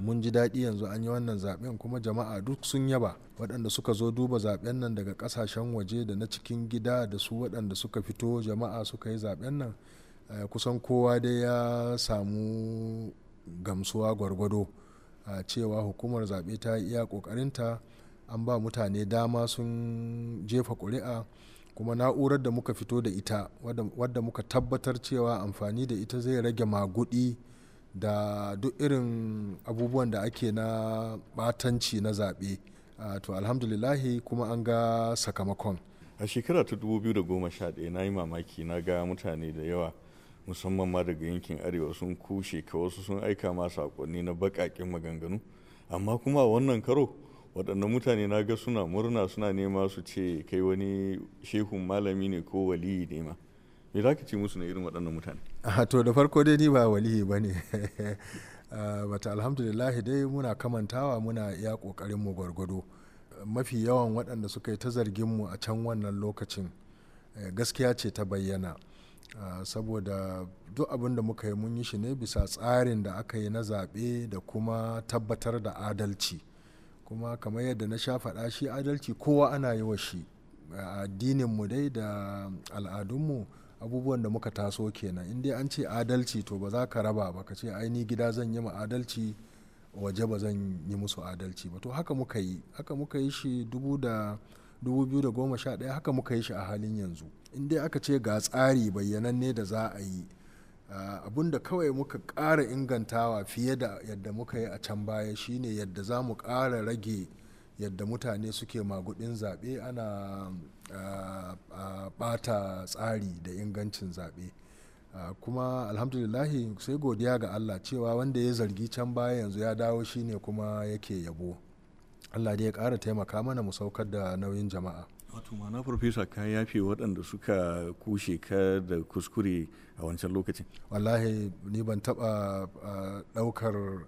mun ji daɗi yanzu an yi wannan zaɓen kuma jama'a duk sun yaba waɗanda suka zo duba zaɓen nan daga ƙasashen waje da na cikin gida da su waɗanda suka fito jama'a suka yi zaɓen nan eh, kusan kowa dai ya samu gamsuwa gwargwado a eh, cewa hukumar zaɓe ta yi iya ƙoƙarinta an ba mutane dama sun jefa ƙuri'a kuma na'urar da muka fito da ita wadda muka tabbatar cewa amfani da ita zai rage magudi. da duk irin abubuwan da ake na batanci na zaɓe to alhamdulillahi kuma an ga sakamakon a shekara ta 2011 na yi mamaki na ga mutane da yawa musamman ma daga yankin arewa sun kushe ka wasu sun aika ma sakonni na baƙaƙen maganganu amma kuma wannan karo waɗannan mutane na ga suna murna suna nema su ce kai wani shehun malami ne ko waliyi ne ma me za ka ci musu na irin waɗannan mutane to da farko dai ni ba walihi ba ne ah, bata alhamdulillah dai muna kamantawa muna iya ƙoƙarin mu gwargwado mafi yawan waɗanda suka yi ta zargin mu a can wannan lokacin eh, gaskiya ce ta bayyana ah, saboda duk abin da muka yi mun yi shi ne bisa tsarin da aka yi na zaɓe da kuma tabbatar da adalci kuma kamar yadda na sha faɗa shi adalci kowa ana yi wa shi addinin mu dai da al'adunmu abubuwan da muka taso kenan in dai an ce adalci to ba za ka raba ba ka ce aini gida zan yi ma adalci waje ba zan yi musu adalci ba to haka muka yi haka muka yi shi 2011 haka muka yi shi a halin yanzu in dai aka ce ga tsari bayyananne da za a yi abun da kawai muka ƙara ingantawa fiye da yadda muka yi a can baya shine yadda za mu ƙara rage yadda mutane suke magudin zaɓe ana ɓata tsari da ingancin zaɓe kuma alhamdulillahi sai godiya ga allah cewa wanda ya zargi can baya yanzu ya dawo shine kuma yake yabo allah dai ya kara taimaka mana mu saukar da nauyin jama'a wato na farfesa ka yafe waɗanda suka kushe ka da kuskure a wancan lokacin wallahi ni ban taɓa ɗaukar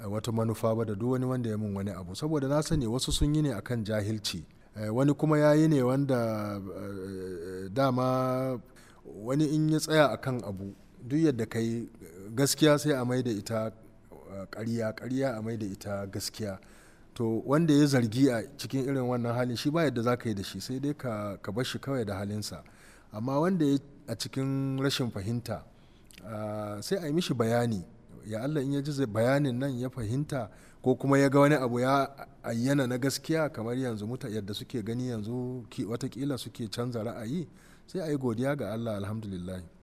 Eh, wata manufa ba da duk wani wanda ya mun wani abu saboda na sani wasu sun yi ne akan jahilci eh, wani kuma ya yi ne wanda eh, dama wani in ya tsaya akan abu duk yadda kai gaskiya sai a mai da ita ƙarya ƙarya a mai da ita gaskiya to wanda ya zargi a cikin irin wannan halin shi ba yadda za ka yi da shi sai dai ka bar shi kawai da halinsa amma wanda ya a cikin rashin fahimta ah, sai a yi mishi bayani ya Allah in ya ji bayanin nan ya fahimta ko kuma ya ga wani abu ya ayyana na gaskiya kamar yanzu muta yadda suke gani yanzu watakila suke canza ra'ayi sai a yi godiya ga Allah alhamdulillah